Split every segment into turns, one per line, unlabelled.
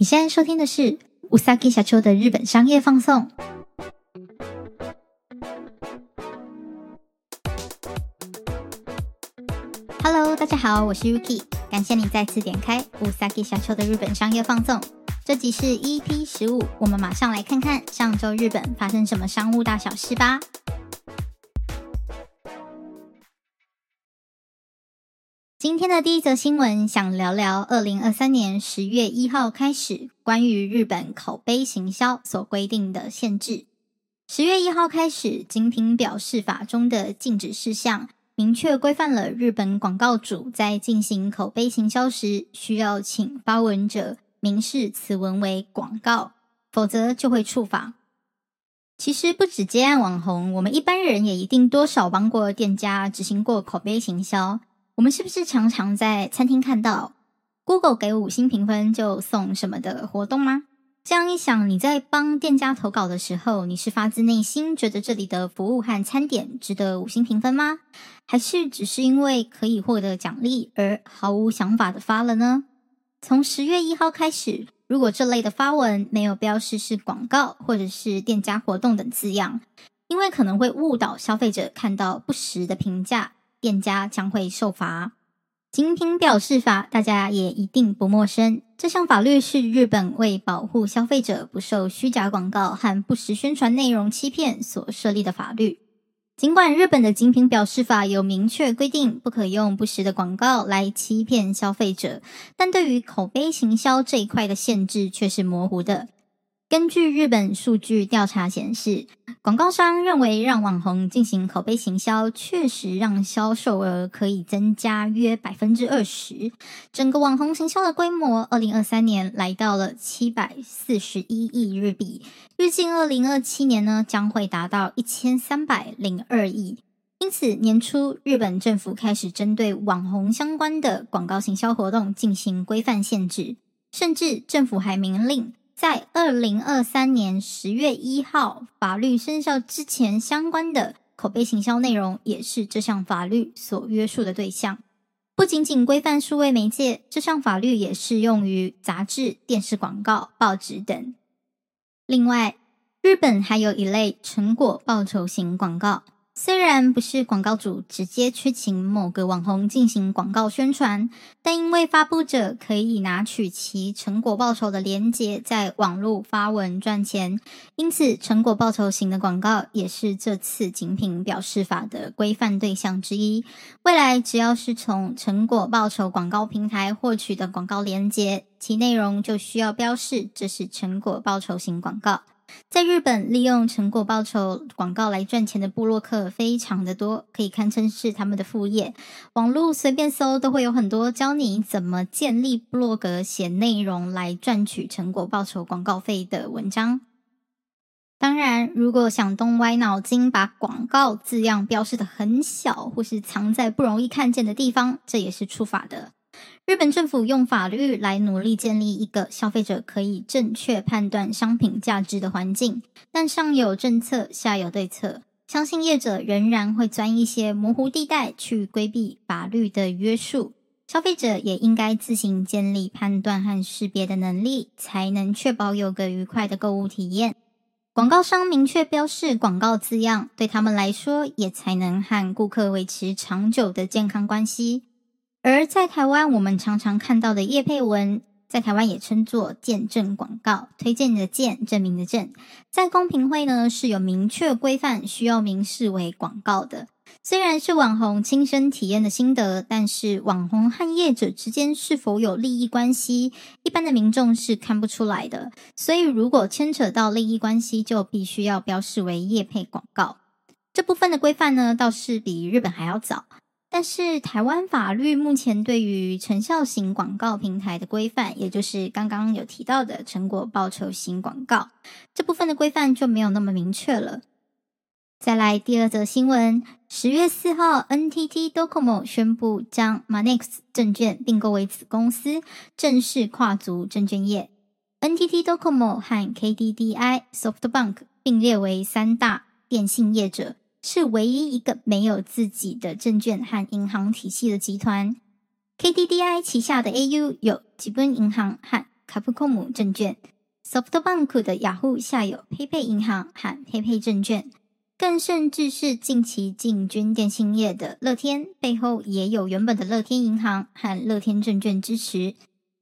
你現在收聽的是《烏薩奇社長的日本商業放送》。Hello，大家好，我是 Ruki，感謝你再次點開《烏薩奇社長的日本商業放送》。這集是 EP 十五，我們馬上來看看上周日本發生什麼商務大小事吧。今天的第一則新聞，想聊聊二零二三年十月一號開始關於日本口碑行銷所規定的限制。十月一號開始，景品表示法中的禁止事項，明確規範了日本廣告主在進行口碑行銷時，需要請發文者明示此文為廣告，否則就會處罰。其實不止接案網紅，我們一般人也一定多少幫過店家執行過口碑行銷。我們是不是常常在餐廳看到 Google 給五星評分就送什麼的活動嗎？這樣一想，你在幫店家投稿的時候，你是發自內心覺得這裡的服務和餐點值得五星評分嗎？還是只是因為可以獲得獎勵而毫無想法的發了呢？從十月一號開始，如果這類的發文沒有標示是廣告或者是店家活動等字樣，因為可能會誤導消費者看到不實的評價。店家將會受罰。景品表示法，大家也一定不陌生。這項法律是日本為保護消費者不受虛假廣告和不實宣傳內容欺騙所設立的法律。儘管日本的景品表示法有明確規定，不可用不實的廣告來欺騙消費者，但對於口碑行銷這一塊的限制卻是模糊的。根據日本數據調查顯示，廣告商認為讓網紅進行口碑行銷，確實讓銷售額可以增加約百分之二十。整個網紅行銷的規模，二零二三年來到了七百四十一億日幣，預計二零二七年呢將會達到一千三百零二億。因此，年初日本政府開始針對網紅相關的廣告行銷活動進行規範限制，甚至政府還明令，在二零二三年十月一號法律生效之前，相關的口碑行銷內容也是這項法律所約束的對象。不僅僅規範數位媒介，這項法律也適用於雜誌、電視廣告、報紙等。另外，日本還有一類成果報酬型廣告。雖然不是廣告主直接去請某個網紅進行廣告宣傳，但因為發佈者可以拿取其成果報酬的連結在網絡發文賺錢，因此成果報酬型的廣告也是這次景品表示法的規範對象之一。未來只要是從成果報酬廣告平台獲取的廣告鏈接，其內容就需要標示這是成果報酬型廣告。在日本，利用成果報酬廣告來賺錢的部落客非常的多，可以堪稱是他們的副業。網絡隨便搜都會有很多教你怎麼建立部落格、寫內容來賺取成果報酬廣告費的文章。當然，如果想動歪腦筋，把廣告字樣標示的很小，或是藏在不容易看見的地方，這也是觸法的。日本政府用法律來努力建立一個消費者可以正確判斷商品價值的環境，但上有政策，下有對策，相信業者仍然會鑽一些模糊地帶去規避法律的約束。消費者也應該自行建立判斷和識別的能力，才能確保有個愉快的購物體驗。廣告商明確標示廣告字樣，對他們來說也才能和顧客維持長久的健康關係。而在台灣，我們常常看到的業配文，在台灣也稱作見證廣告，推薦的“見”證明的“證”。在公平會呢是有明確規範，需要明示為廣告的。雖然是網紅親身體驗的心得，但是網紅和業者之間是否有利益關係，一般的民眾是看不出來的。所以如果牽扯到利益關係，就必須要標示為業配廣告。這部分的規範呢，倒是比日本還要早。但是，台灣法律目前對於成效型廣告平台的規範，也就是剛剛有提到的成果報酬型廣告，這部分的規範就沒有那麼明確了。再來，第二則新聞，十月四號，NTT Docomo 宣布將 Manex 證券併購為子公司，正式跨足證券業。NTT Docomo 和 KDDI Softbank 並列為三大電信業者。是唯一一個沒有自己的證券和銀行體系的集團。KDDI 旗下的 AU 有吉本銀行和卡 o m 姆證券，Softbank 的雅 o 下有 paypay 銀行和 paypay 證券，更甚至是近期進軍電信業的樂天背後也有原本的樂天銀行和樂天證券支持。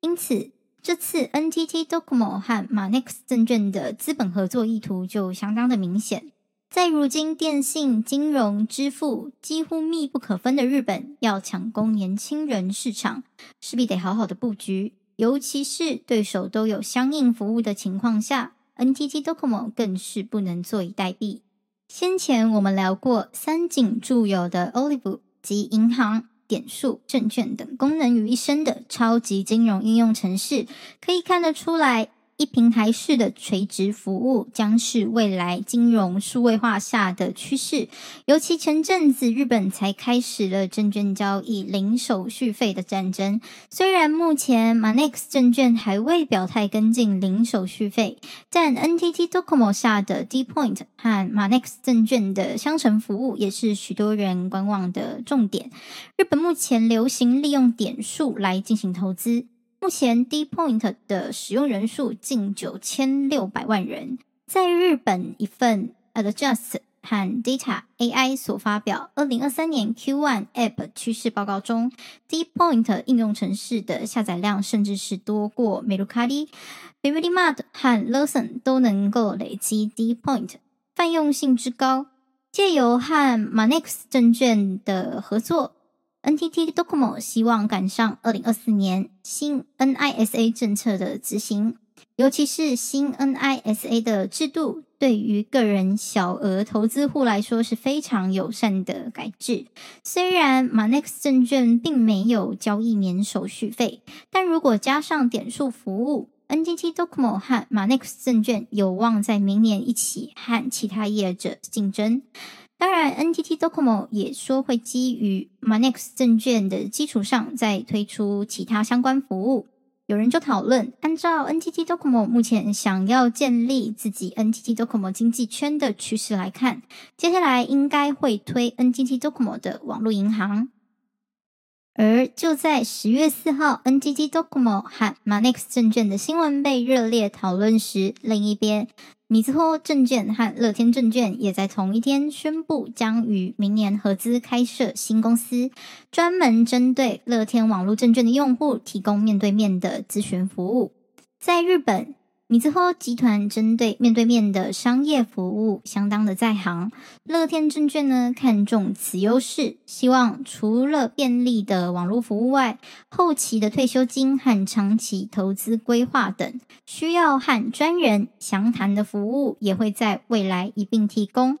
因此，這次 NTT Docomo 和 Manex 證券的資本合作意圖就相當的明顯。在如今電信、金融、支付幾乎密不可分的日本，要搶攻年輕人市場，勢必得好好的布局。尤其是對手都有相應服務的情況下，NTT Docomo 更是不能坐以待斃。先前我們聊過三井住友的 Olive 及銀行、點數、證券等功能於一身的超級金融應用程式，可以看得出來。一平台式的垂直服務將是未來金融數位化下的趨勢。尤其前陣子日本才開始了證券交易零手續費的戰爭。雖然目前 Monex 證券還未表態跟進零手續費，但 NTT Docomo 下的 D Point 和 Monex 證券的相乘服務也是許多人觀望的重點。日本目前流行利用點數來進行投資。目前，D Point 的使用人數近九千六百萬人。在日本，一份 Adjust 和 Data AI 所發表二零二三年 Q1 App 趨勢報告中，D Point 應用程式的下載量甚至是多過 Mercari、Family Mart 和 Lawson 都能夠累積 D Point 泛用性之高。借由和 Monex 證券的合作。N T T Docomo 希望趕上二零二四年新 N I S A 政策的執行，尤其是新 N I S A 的制度對於個人小額投資戶來說是非常友善的改制。雖然 Monex 證券並沒有交易免手續費，但如果加上點數服務，N T T Docomo 和 Monex 證券有望在明年一起和其他業者競爭。當然，NTT Docomo 也說會基於 Monex 證券的基礎上，再推出其他相關服務。有人就討論，按照 NTT Docomo 目前想要建立自己 NTT Docomo 經濟圈的趨勢來看，接下來應該會推 NTT Docomo 的網絡銀行。而就在十月四號，NTT DoCoMo 和 Monex 證券的新聞被熱烈討論時，另一邊，Mizuho 證券和樂天證券也在同一天宣布，將於明年合資開設新公司，專門針對樂天網絡證券的用戶提供面對面的諮詢服務。在日本。米茲霍集團針對面對面的商業服務相當的在行，樂天證券呢，看重此優勢，希望除了便利的網絡服務外，後期的退休金和長期投資規劃等需要和專人詳談的服務，也會在未來一併提供，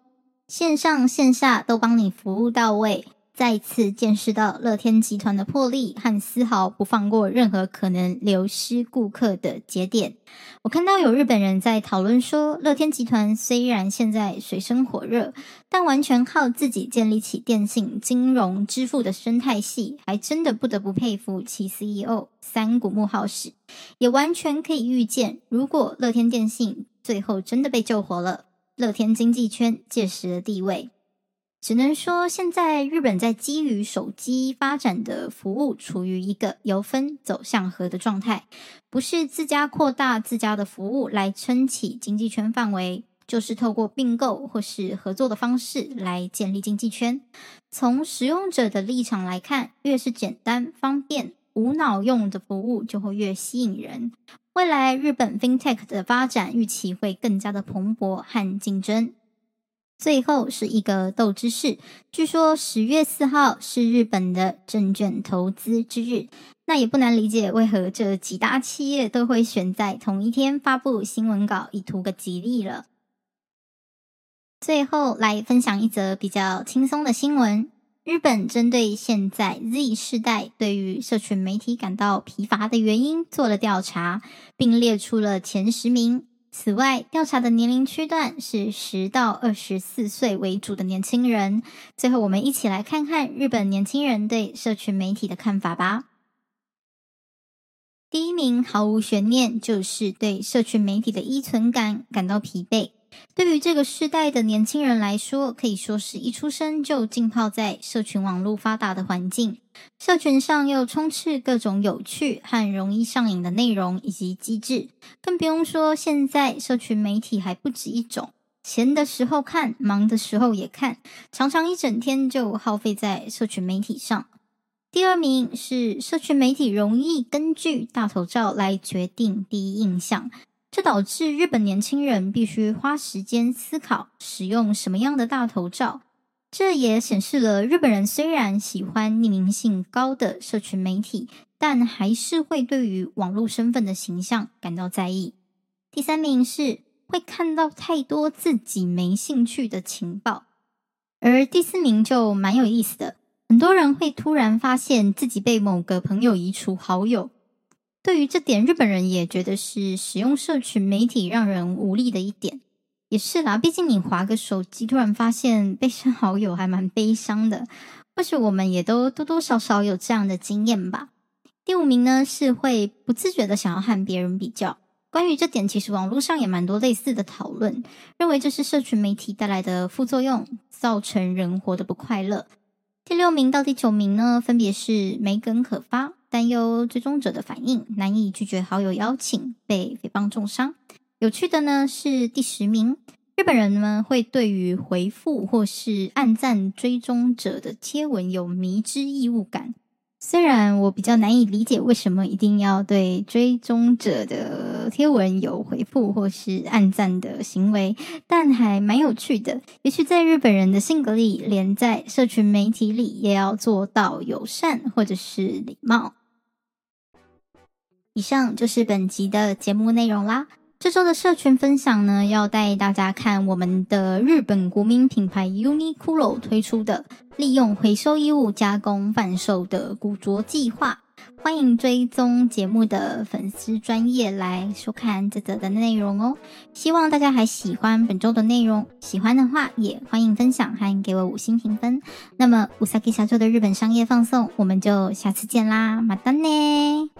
線上線下都幫你服務到位。再一次見識到樂天集團的魄力和絲毫不放過任何可能流失顧客的節點。我看到有日本人在討論說，樂天集團雖然現在水深火熱，但完全靠自己建立起電信、金融、支付的生態系，還真的不得不佩服其 CEO 三木谷浩史。也完全可以預見，如果樂天電信最後真的被救活了，樂天經濟圈屆時的地位。只能說，現在日本在基於手機發展的服務處於一個由分走向合的狀態，不是自家擴大自家的服務來撐起經濟圈範圍，就是透過併購或是合作的方式來建立經濟圈。從使用者的立場來看，越是簡單、方便、無腦用的服務就會越吸引人。未來日本 FinTech 的發展預期會更加的蓬勃和競爭。最後是一個豆知識。據說十月四號是日本的證券投資之日，那也不難理解為何這幾大企業都會選在同一天發佈新聞稿，以圖個吉利了。最後來分享一則比較輕鬆的新聞：日本針對現在 Z 世代對於社群媒體感到疲乏的原因做了調查，並列出了前十名。此外，調查的年齡區段是十到二十四歲為主的年輕人。最後，我們一起來看看日本年輕人對社群媒體的看法吧。第一名毫無懸念，就是對社群媒體的依存感感到疲憊。對於這個世代的年輕人來說，可以說是一出生就浸泡在社群網絡發達的環境，社群上又充斥各種有趣和容易上癮的內容以及機制，更不用說現在社群媒體還不止一種，閒的時候看，忙的時候也看，常常一整天就耗費在社群媒體上。第二名是社群媒體容易根據大頭照來決定第一印象。這導致日本年輕人必須花時間思考使用什麼樣的大頭照。這也顯示了日本人雖然喜歡匿名性高的社群媒體，但還是會對於網絡身份的形象感到在意。第三名是會看到太多自己沒興趣的情報，而第四名就蠻有意思的，很多人會突然發現自己被某個朋友移除好友。對於這點，日本人也覺得是使用社群媒體讓人無力的一點，也是啦。畢竟你滑個手機，突然發現被刪好友，還蠻悲傷的。或許我們也都多多少少有這樣的經驗吧。第五名呢，是會不自覺的想要和別人比較。關於這點，其實網絡上也蠻多類似的討論，認為這是社群媒體帶來的副作用，造成人活得不快樂。第六名到第九名呢，分別是沒梗可發。擔憂追蹤者的反應，難以拒絕好友邀請，被誹謗重傷。有趣的呢是第十名，日本人們會對於回覆或是按讚追蹤者的貼文有迷之義務感。雖然我比較難以理解為什麼一定要對追蹤者的貼文有回覆或是按讚的行為，但還蠻有趣的。也許在日本人的性格裡，連在社群媒體裡也要做到友善或者是禮貌。以上就是本集的節目內容啦。這週的社群分享呢，要帶大家看我們的日本國民品牌 Uniqlo 推出的利用回收衣物加工販售的古着計劃。歡迎追蹤節目的粉絲專頁來收看這則的內容哦。希望大家還喜歡本週的內容，喜歡的話也歡迎分享，歡迎給我五星評分。那麼うさぎ社長的日本商業放送，我們就下次見啦，またね。